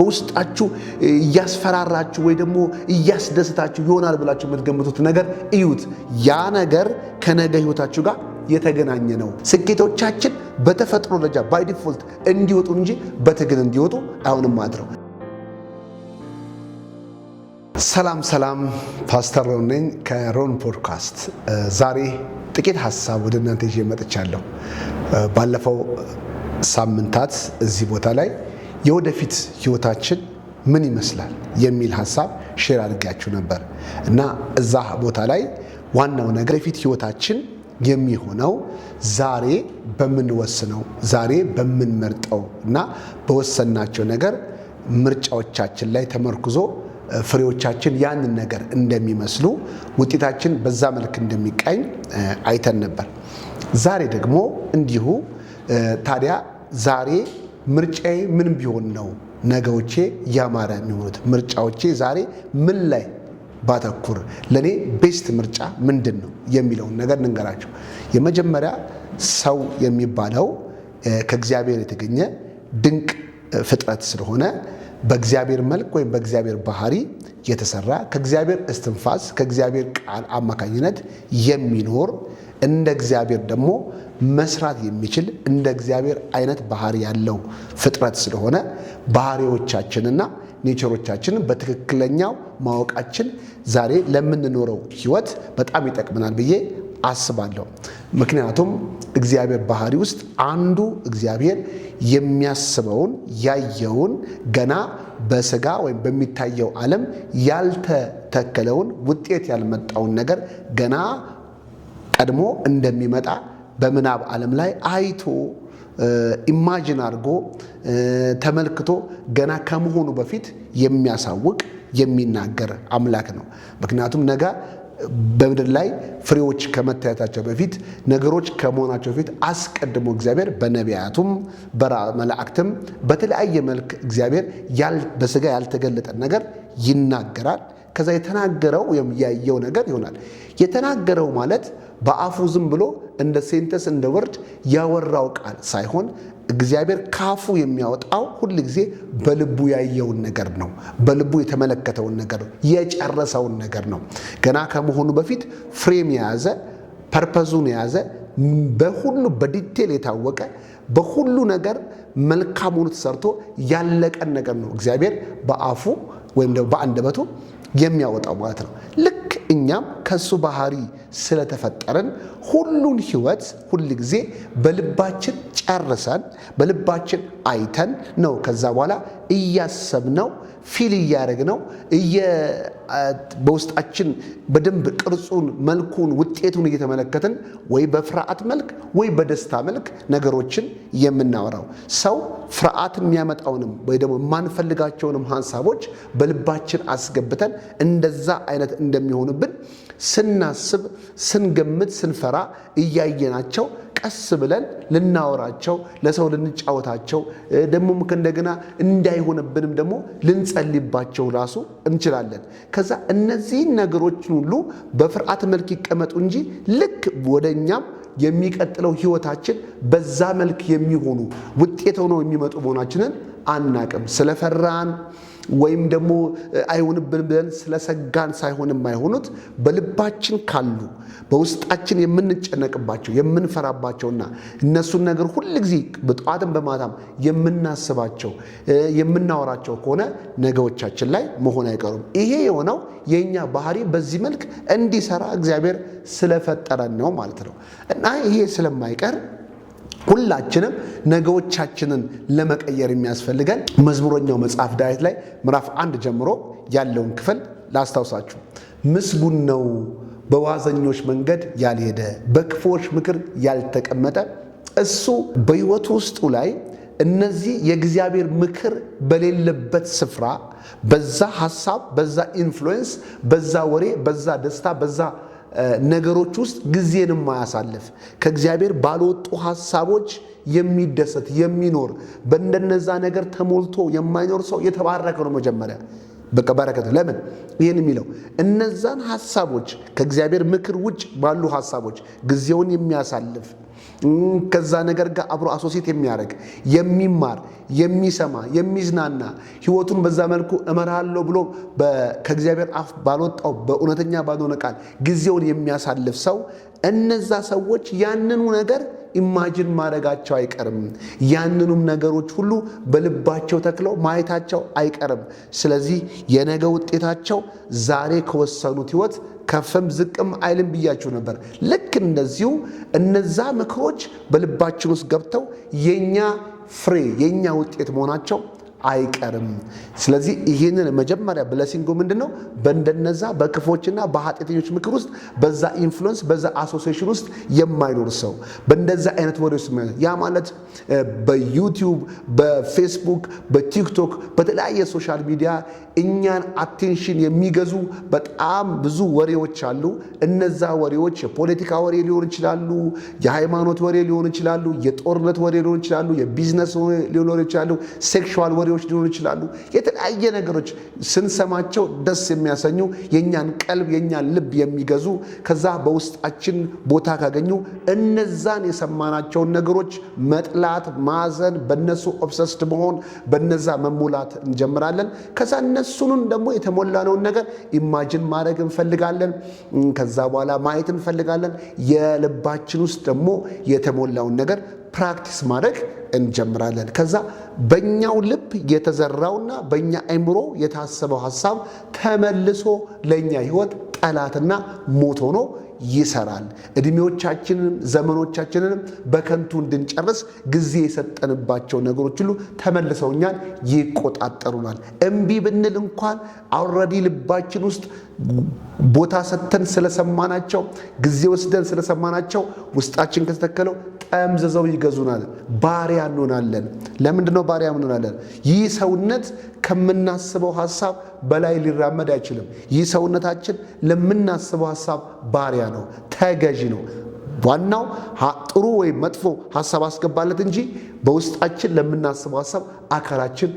በውስጣችሁ እያስፈራራችሁ ወይ ደግሞ እያስደስታችሁ ይሆናል ብላችሁ የምትገምቱት ነገር እዩት። ያ ነገር ከነገ ህይወታችሁ ጋር የተገናኘ ነው። ስኬቶቻችን በተፈጥሮ ደረጃ ባይ ዲፎልት እንዲወጡ እንጂ በትግል እንዲወጡ አይሆንም ነው ሰላም ሰላም፣ ፓስተር ሮን ነኝ ከሮን ፖድካስት። ዛሬ ጥቂት ሀሳብ ወደ እናንተ ይዤ መጥቻለሁ። ባለፈው ሳምንታት እዚህ ቦታ ላይ የወደፊት ህይወታችን ምን ይመስላል የሚል ሀሳብ ሼር አድርጋችሁ ነበር እና እዛ ቦታ ላይ ዋናው ነገር የፊት ህይወታችን የሚሆነው ዛሬ በምንወስነው ዛሬ በምንመርጠው እና በወሰናቸው ነገር ምርጫዎቻችን ላይ ተመርኩዞ ፍሬዎቻችን ያንን ነገር እንደሚመስሉ ውጤታችን በዛ መልክ እንደሚቃኝ አይተን ነበር። ዛሬ ደግሞ እንዲሁ ታዲያ ዛሬ ምርጫዬ ምን ቢሆን ነው ነገዎቼ ያማረ የሚሆኑት? ምርጫዎቼ ዛሬ ምን ላይ ባተኩር ለእኔ ቤስት ምርጫ ምንድን ነው የሚለውን ነገር ልንገራቸው። የመጀመሪያ ሰው የሚባለው ከእግዚአብሔር የተገኘ ድንቅ ፍጥረት ስለሆነ በእግዚአብሔር መልክ ወይም በእግዚአብሔር ባህሪ የተሰራ ከእግዚአብሔር እስትንፋስ ከእግዚአብሔር ቃል አማካኝነት የሚኖር እንደ እግዚአብሔር ደግሞ መስራት የሚችል እንደ እግዚአብሔር አይነት ባህሪ ያለው ፍጥረት ስለሆነ ባህሪዎቻችንና ኔቸሮቻችንን በትክክለኛው ማወቃችን ዛሬ ለምንኖረው ሕይወት በጣም ይጠቅመናል ብዬ አስባለሁ። ምክንያቱም እግዚአብሔር ባህሪ ውስጥ አንዱ እግዚአብሔር የሚያስበውን ያየውን ገና በስጋ ወይም በሚታየው ዓለም ያልተተከለውን ውጤት ያልመጣውን ነገር ገና ቀድሞ እንደሚመጣ በምናብ ዓለም ላይ አይቶ ኢማጂን አድርጎ ተመልክቶ ገና ከመሆኑ በፊት የሚያሳውቅ የሚናገር አምላክ ነው። ምክንያቱም ነገ በምድር ላይ ፍሬዎች ከመታየታቸው በፊት ነገሮች ከመሆናቸው በፊት አስቀድሞ እግዚአብሔር በነቢያቱም በመላእክትም በተለያየ መልክ እግዚአብሔር በስጋ ያልተገለጠን ነገር ይናገራል። ከዛ የተናገረው ያየው ነገር ይሆናል። የተናገረው ማለት በአፉ ዝም ብሎ እንደ ሴንተስ እንደ ወርድ ያወራው ቃል ሳይሆን እግዚአብሔር ካፉ የሚያወጣው ሁል ጊዜ በልቡ ያየውን ነገር ነው። በልቡ የተመለከተውን ነገር ነው። የጨረሰውን ነገር ነው። ገና ከመሆኑ በፊት ፍሬም የያዘ ፐርፐዙን የያዘ በሁሉ በዲቴል የታወቀ በሁሉ ነገር መልካም ሆኖ ተሰርቶ ያለቀን ነገር ነው እግዚአብሔር በአፉ ወይም በአንደበቱ የሚያወጣው ማለት ነው። ልክ እኛም ከሱ ባህሪ ስለተፈጠርን ሁሉን ህይወት ሁል ጊዜ በልባችን ጨርሰን በልባችን አይተን ነው ከዛ በኋላ እያሰብነው ፊል እያደረግ ነው በውስጣችን በደንብ ቅርጹን፣ መልኩን፣ ውጤቱን እየተመለከትን ወይ በፍርሃት መልክ ወይ በደስታ መልክ ነገሮችን የምናወራው ሰው ፍርሃት የሚያመጣውንም ወይ ደግሞ የማንፈልጋቸውንም ሀንሳቦች በልባችን አስገብተን እንደዛ አይነት እንደሚሆንብን ስናስብ፣ ስንገምት፣ ስንፈራ እያየናቸው ቀስ ብለን ልናወራቸው ለሰው ልንጫወታቸው ደግሞም እንደገና እንዳይሆንብንም ደግሞ ልንጸልይባቸው ራሱ እንችላለን። ከዛ እነዚህን ነገሮችን ሁሉ በፍርሃት መልክ ይቀመጡ እንጂ ልክ ወደ እኛም የሚቀጥለው ህይወታችን በዛ መልክ የሚሆኑ ውጤት ሆነው የሚመጡ መሆናችንን አናቅም ስለፈራን ወይም ደግሞ አይሆንብን ብለን ስለሰጋን ሳይሆን የማይሆኑት በልባችን ካሉ በውስጣችን የምንጨነቅባቸው የምንፈራባቸውና እነሱን ነገር ጊዜ በጠዋትም በማታም የምናስባቸው የምናወራቸው ከሆነ ነገዎቻችን ላይ መሆን አይቀሩም። ይሄ የሆነው የእኛ ባህሪ በዚህ መልክ እንዲሰራ እግዚአብሔር ስለፈጠረን ነው ማለት ነው እና ይሄ ስለማይቀር ሁላችንም ነገዎቻችንን ለመቀየር የሚያስፈልገን መዝሙረኛው መጽሐፍ ዳዊት ላይ ምዕራፍ አንድ ጀምሮ ያለውን ክፍል ላስታውሳችሁ። ምስጉን ነው በዋዘኞች መንገድ ያልሄደ በክፎች ምክር ያልተቀመጠ እሱ በሕይወቱ ውስጡ ላይ እነዚህ የእግዚአብሔር ምክር በሌለበት ስፍራ በዛ ሀሳብ በዛ ኢንፍሉዌንስ፣ በዛ ወሬ፣ በዛ ደስታ፣ በዛ ነገሮች ውስጥ ጊዜን የማያሳልፍ ከእግዚአብሔር ባልወጡ ሀሳቦች የሚደሰት የሚኖር በእንደነዛ ነገር ተሞልቶ የማይኖር ሰው የተባረከ ነው። መጀመሪያ በቃ በረከት ለምን ይህን የሚለው እነዛን ሀሳቦች ከእግዚአብሔር ምክር ውጭ ባሉ ሀሳቦች ጊዜውን የሚያሳልፍ ከዛ ነገር ጋር አብሮ አሶሴት የሚያደርግ የሚማር የሚሰማ የሚዝናና ህይወቱን በዛ መልኩ እመራለሁ ብሎ ከእግዚአብሔር አፍ ባልወጣው በእውነተኛ ባልሆነ ቃል ጊዜውን የሚያሳልፍ ሰው እነዛ ሰዎች ያንኑ ነገር ኢማጅን ማድረጋቸው አይቀርም። ያንኑም ነገሮች ሁሉ በልባቸው ተክለው ማየታቸው አይቀርም። ስለዚህ የነገ ውጤታቸው ዛሬ ከወሰኑት ህይወት ከፍም ዝቅም አይልም ብያችሁ ነበር። ልክ እንደዚሁ እነዛ ምክሮች በልባችን ውስጥ ገብተው የእኛ ፍሬ የእኛ ውጤት መሆናቸው አይቀርም። ስለዚህ ይህንን መጀመሪያ ብለሲንጉ ምንድን ነው? በእንደነዛ በክፎችና በኃጢአተኞች ምክር ውስጥ በዛ ኢንፍሉንስ በዛ አሶሲሽን ውስጥ የማይኖር ሰው በእንደዛ አይነት ወደ ውስጥ ያ ማለት በዩቲዩብ በፌስቡክ በቲክቶክ በተለያየ ሶሻል ሚዲያ እኛን አቴንሽን የሚገዙ በጣም ብዙ ወሬዎች አሉ። እነዛ ወሬዎች የፖለቲካ ወሬ ሊሆን ይችላሉ፣ የሃይማኖት ወሬ ሊሆን ይችላሉ፣ የጦርነት ወሬ ሊሆን ይችላሉ፣ የቢዝነስ ሊሆን ይችላሉ፣ ሴክሹዋል ወሬ ወሬዎች ሊሆኑ ይችላሉ። የተለያየ ነገሮች ስንሰማቸው ደስ የሚያሰኙ የእኛን ቀልብ የእኛን ልብ የሚገዙ ከዛ በውስጣችን ቦታ ካገኙ እነዛን የሰማናቸውን ነገሮች መጥላት፣ ማዘን፣ በነሱ ኦብሰስድ መሆን፣ በነዛ መሙላት እንጀምራለን። ከዛ እነሱንም ደግሞ የተሞላነውን ነገር ኢማጅን ማድረግ እንፈልጋለን። ከዛ በኋላ ማየት እንፈልጋለን። የልባችን ውስጥ ደግሞ የተሞላውን ነገር ፕራክቲስ ማድረግ እንጀምራለን። ከዛ በእኛው ልብ የተዘራውና በእኛ አይምሮ የታሰበው ሀሳብ ተመልሶ ለእኛ ህይወት ጠላትና ሞት ሆኖ ይሰራል። እድሜዎቻችንንም ዘመኖቻችንንም በከንቱ እንድንጨርስ ጊዜ የሰጠንባቸው ነገሮች ሁሉ ተመልሰው እኛን ይቆጣጠሩናል። እምቢ ብንል እንኳን አውረዲ ልባችን ውስጥ ቦታ ሰጥተን ስለሰማናቸው፣ ጊዜ ወስደን ስለሰማናቸው ውስጣችን ከተተከለው ጠምዝዘው ይገዙናል፣ ባሪያ እንሆናለን። ለምንድን ነው ባሪያ እንሆናለን? ይህ ሰውነት ከምናስበው ሀሳብ በላይ ሊራመድ አይችልም። ይህ ሰውነታችን ለምናስበው ሀሳብ ባሪያ ነው፣ ተገዢ ነው። ዋናው ጥሩ ወይም መጥፎ ሀሳብ አስገባለት እንጂ በውስጣችን ለምናስበው ሀሳብ አካላችን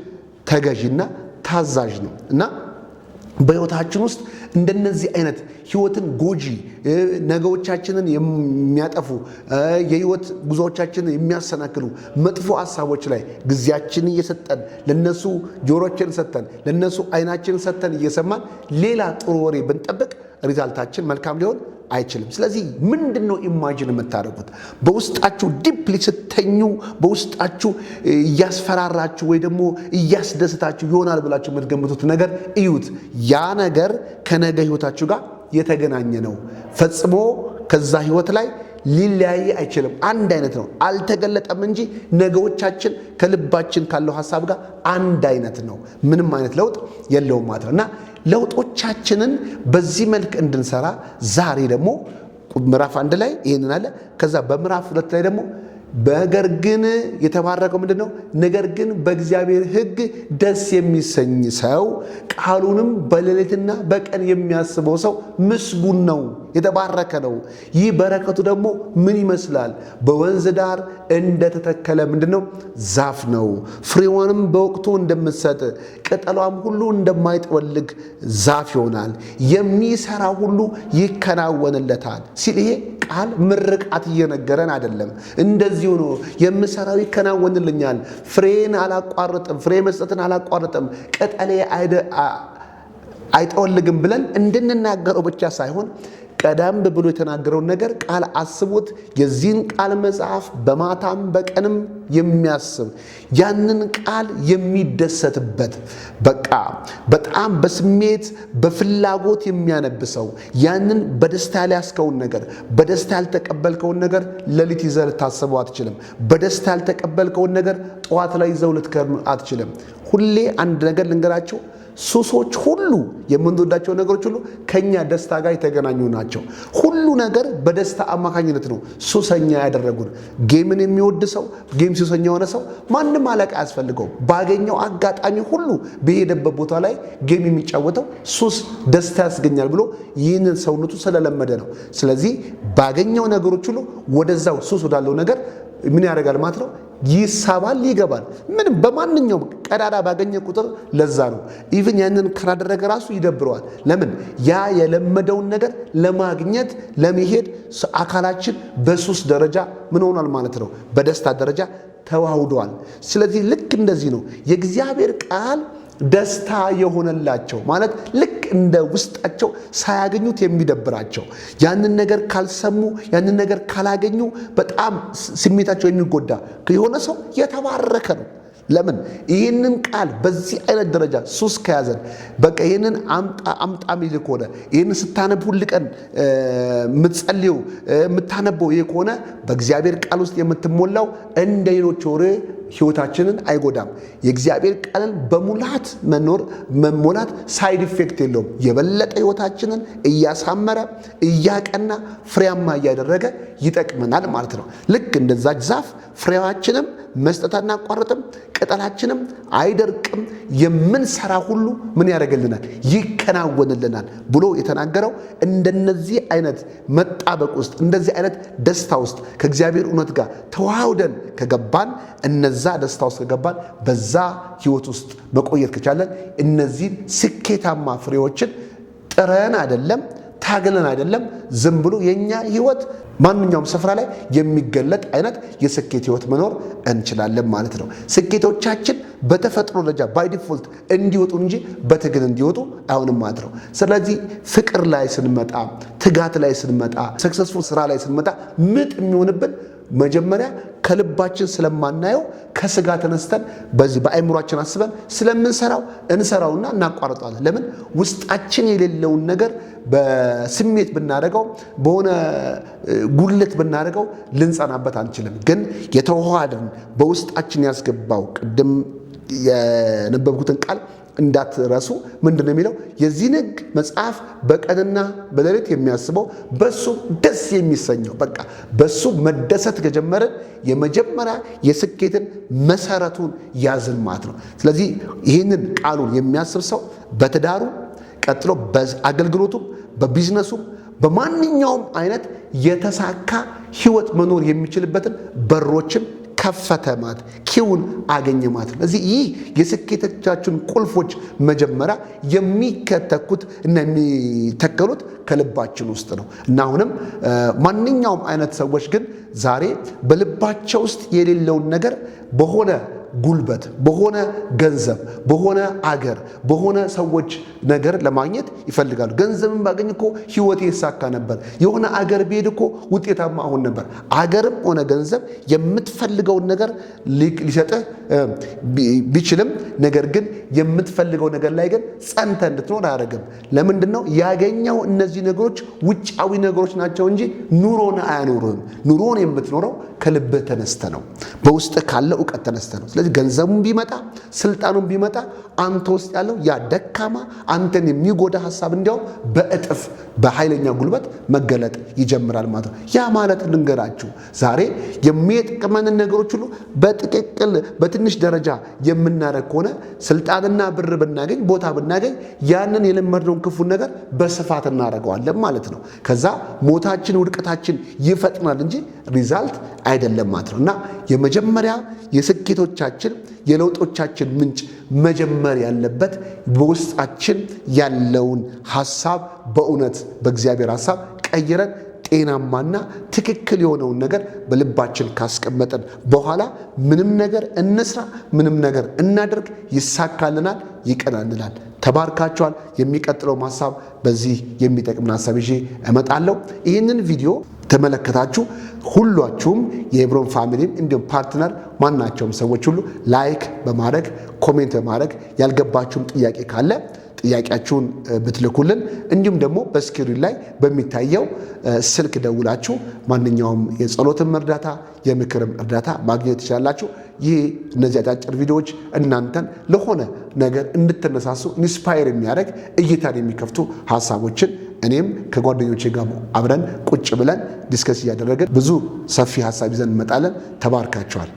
ተገዢና ታዛዥ ነው እና በሕይወታችን ውስጥ እንደነዚህ አይነት ህይወትን ጎጂ ነገዎቻችንን የሚያጠፉ የህይወት ጉዞዎቻችንን የሚያሰናክሉ መጥፎ ሀሳቦች ላይ ጊዜያችን እየሰጠን ለነሱ ጆሮችን ሰተን ለነሱ አይናችን ሰተን እየሰማን ሌላ ጥሩ ወሬ ብንጠብቅ ሪዛልታችን መልካም ሊሆን አይችልም። ስለዚህ ምንድን ነው ኢማጅን የምታደርጉት? በውስጣችሁ ዲፕሊ ስተኙ በውስጣችሁ እያስፈራራችሁ ወይ ደግሞ እያስደስታችሁ ይሆናል ብላችሁ የምትገምቱት ነገር እዩት። ያ ነገር ከነ ከነገ ህይወታችሁ ጋር የተገናኘ ነው። ፈጽሞ ከዛ ህይወት ላይ ሊለያይ አይችልም። አንድ አይነት ነው። አልተገለጠም እንጂ ነገዎቻችን ከልባችን ካለው ሀሳብ ጋር አንድ አይነት ነው። ምንም አይነት ለውጥ የለውም ማለት ነው እና ለውጦቻችንን በዚህ መልክ እንድንሰራ ዛሬ ደግሞ ምዕራፍ አንድ ላይ ይህንን አለ። ከዛ በምዕራፍ ሁለት ላይ ደግሞ ነገር ግን የተባረከው ምንድን ነው? ነገር ግን በእግዚአብሔር ሕግ ደስ የሚሰኝ ሰው ቃሉንም በሌሊትና በቀን የሚያስበው ሰው ምስጉን ነው፣ የተባረከ ነው። ይህ በረከቱ ደግሞ ምን ይመስላል? በወንዝ ዳር እንደተተከለ ምንድን ነው? ዛፍ ነው። ፍሬዋንም በወቅቱ እንደምትሰጥ ቅጠሏም ሁሉ እንደማይጠወልግ ዛፍ ይሆናል። የሚሰራ ሁሉ ይከናወንለታል ሲል ይሄ ቃል ምርቃት እየነገረን አይደለም። እንደዚሁ ነው የምሰራው ይከናወንልኛል፣ ፍሬን አላቋርጥም፣ ፍሬ መስጠትን አላቋርጥም፣ ቅጠሌ አይጠወልግም ብለን እንድንናገረው ብቻ ሳይሆን ቀደም ብሎ የተናገረውን ነገር ቃል አስቡት። የዚህን ቃል መጽሐፍ በማታም በቀንም የሚያስብ ያንን ቃል የሚደሰትበት በቃ በጣም በስሜት በፍላጎት የሚያነብሰው ያንን በደስታ ያልያዝከውን ነገር በደስታ ያልተቀበልከውን ነገር ሌሊት ይዘህ ልታስበው አትችልም። በደስታ ያልተቀበልከውን ነገር ጠዋት ላይ ይዘው ልትከርም አትችልም። ሁሌ አንድ ነገር ልንገራቸው ሱሶች ሁሉ የምንወዳቸው ነገሮች ሁሉ ከኛ ደስታ ጋር የተገናኙ ናቸው። ሁሉ ነገር በደስታ አማካኝነት ነው ሱሰኛ ያደረጉን። ጌምን የሚወድ ሰው ጌም ሱሰኛ የሆነ ሰው ማንም አለቃ ያስፈልገው ባገኘው አጋጣሚ ሁሉ በሄደበት ቦታ ላይ ጌም የሚጫወተው ሱስ ደስታ ያስገኛል ብሎ ይህንን ሰውነቱ ስለለመደ ነው። ስለዚህ ባገኘው ነገሮች ሁሉ ወደዛው ሱስ ወዳለው ነገር ምን ያደርጋል ማለት ነው ይሳባል፣ ይገባል። ምንም በማንኛውም ቀዳዳ ባገኘ ቁጥር ለዛ ነው ኢቭን ያንን ካላደረገ ራሱ ይደብረዋል። ለምን ያ የለመደውን ነገር ለማግኘት ለመሄድ አካላችን በሶስት ደረጃ ምን ሆኗል ማለት ነው፣ በደስታ ደረጃ ተዋውደዋል። ስለዚህ ልክ እንደዚህ ነው የእግዚአብሔር ቃል ደስታ የሆነላቸው ማለት ልክ እንደ ውስጣቸው ሳያገኙት የሚደብራቸው ያንን ነገር ካልሰሙ ያንን ነገር ካላገኙ በጣም ስሜታቸው የሚጎዳ የሆነ ሰው የተባረከ ነው። ለምን ይህንን ቃል በዚህ አይነት ደረጃ ሱስ ከያዘን በቃ ይህንን አምጣ ሚል ከሆነ ይህንን ስታነብ ሁል ቀን የምትጸልየው የምታነበው ይህ ከሆነ በእግዚአብሔር ቃል ውስጥ የምትሞላው እንደ ሌሎች ወሬ ህይወታችንን አይጎዳም። የእግዚአብሔር ቃልን በሙላት መኖር መሞላት ሳይድ ኢፌክት የለውም። የበለጠ ህይወታችንን እያሳመረ እያቀና ፍሬያማ እያደረገ ይጠቅመናል ማለት ነው። ልክ እንደዛች ዛፍ ፍሬያችንም መስጠት አናቋርጥም፣ ቅጠላችንም አይደርቅም። የምንሰራ ሁሉ ምን ያደርግልናል? ይከናወንልናል ብሎ የተናገረው እንደነዚህ አይነት መጣበቅ ውስጥ እንደዚህ አይነት ደስታ ውስጥ ከእግዚአብሔር እውነት ጋር ተዋህደን ከገባን እነ በዛ ደስታ ውስጥ ከገባን፣ በዛ ህይወት ውስጥ መቆየት ከቻለን እነዚህን ስኬታማ ፍሬዎችን ጥረን አይደለም ታግለን አይደለም ዝም ብሎ የእኛ ህይወት ማንኛውም ስፍራ ላይ የሚገለጥ አይነት የስኬት ህይወት መኖር እንችላለን ማለት ነው። ስኬቶቻችን በተፈጥሮ ደረጃ ባይ ዲፎልት እንዲወጡ እንጂ በትግል እንዲወጡ አይሆንም ማለት ነው። ስለዚህ ፍቅር ላይ ስንመጣ፣ ትጋት ላይ ስንመጣ፣ ሰክሰስፉል ስራ ላይ ስንመጣ ምጥ የሚሆንብን መጀመሪያ ከልባችን ስለማናየው ከስጋ ተነስተን በዚህ በአይምሯችን አስበን ስለምንሰራው እንሰራውና እናቋርጠዋለን። ለምን ውስጣችን የሌለውን ነገር በስሜት ብናደርገው በሆነ ጉልት ብናደርገው ልንጸናበት አንችልም። ግን የተዋሃደን በውስጣችን ያስገባው ቅድም የነበብኩትን ቃል እንዳትረሱ። ምንድን ነው የሚለው? የዚህን ሕግ መጽሐፍ በቀንና በሌሊት የሚያስበው በሱ ደስ የሚሰኘው በቃ በሱ መደሰት ከጀመርን የመጀመሪያ የስኬትን መሰረቱን ያዝን ማለት ነው። ስለዚህ ይህንን ቃሉን የሚያስብ ሰው በትዳሩ ቀጥሎ በአገልግሎቱም በቢዝነሱም በማንኛውም አይነት የተሳካ ህይወት መኖር የሚችልበትን በሮችን ከፈተ ማለት ኪውን አገኘ ማለት ነው። እዚህ ይህ የስኬቶቻችን ቁልፎች መጀመሪያ የሚከተኩት እና የሚተከሉት ከልባችን ውስጥ ነው እና አሁንም ማንኛውም አይነት ሰዎች ግን ዛሬ በልባቸው ውስጥ የሌለውን ነገር በሆነ ጉልበት፣ በሆነ ገንዘብ፣ በሆነ አገር፣ በሆነ ሰዎች ነገር ለማግኘት ይፈልጋሉ። ገንዘብን ባገኝ እኮ ህይወቴ ይሳካ ነበር፣ የሆነ አገር ብሄድ እኮ ውጤታማ አሁን ነበር። አገርም ሆነ ገንዘብ የምትፈልገውን ነገር ሊሰጥህ ቢችልም ነገር ግን የምትፈልገው ነገር ላይ ግን ጸንተ እንድትኖር አያደርግም። ለምንድን ነው ያገኘው? እነዚህ ነገሮች ውጫዊ ነገሮች ናቸው እንጂ ኑሮን አያኖርህም። ኑሮን የምትኖረው ከልብህ ተነስተ ነው፣ በውስጥ ካለ እውቀት ተነስተ ነው። ስለዚህ ገንዘቡም ቢመጣ ስልጣኑን ቢመጣ አንተ ውስጥ ያለው ያ ደካማ አንተን የሚጎዳ ሀሳብ እንዲያውም በእጥፍ በኃይለኛ ጉልበት መገለጥ ይጀምራል ማለት ነው። ያ ማለት ልንገራችሁ፣ ዛሬ የሚጠቅመንን ነገሮች ሁሉ በጥቅቅል በትንሽ ደረጃ የምናደርግ ከሆነ ስልጣንና ብር ብናገኝ ቦታ ብናገኝ ያንን የለመድነውን ክፉን ነገር በስፋት እናደርገዋለን ማለት ነው። ከዛ ሞታችን ውድቀታችን ይፈጥናል እንጂ ሪዛልት አይደለም ማለት ነው እና የመጀመሪያ የስኬቶቻችን የለውጦቻችን የለውጦቻችን ምንጭ መጀመር ያለበት በውስጣችን ያለውን ሀሳብ በእውነት በእግዚአብሔር ሀሳብ ቀይረን ጤናማና ትክክል የሆነውን ነገር በልባችን ካስቀመጠን በኋላ ምንም ነገር እንስራ፣ ምንም ነገር እናደርግ ይሳካልናል፣ ይቀናልናል። ተባርካችኋል። የሚቀጥለው ሀሳብ በዚህ የሚጠቅምን ሀሳብ ይዤ እመጣለሁ። ይህንን ቪዲዮ ተመለከታችሁ ሁሏችሁም የኤብሮን ፋሚሊም እንዲሁም ፓርትነር ማናቸውም ሰዎች ሁሉ ላይክ በማድረግ ኮሜንት በማድረግ ያልገባችሁም ጥያቄ ካለ ጥያቄያችሁን ብትልኩልን እንዲሁም ደግሞ በስክሪን ላይ በሚታየው ስልክ ደውላችሁ ማንኛውም የጸሎትም እርዳታ የምክርም እርዳታ ማግኘት ትችላላችሁ። ይህ እነዚህ አጫጭር ቪዲዮዎች እናንተን ለሆነ ነገር እንድትነሳሱ ኢንስፓየር የሚያደርግ እይታን የሚከፍቱ ሀሳቦችን እኔም ከጓደኞቼ ጋር አብረን ቁጭ ብለን ዲስከስ እያደረገን ብዙ ሰፊ ሀሳብ ይዘን እንመጣለን። ተባርካቸዋል።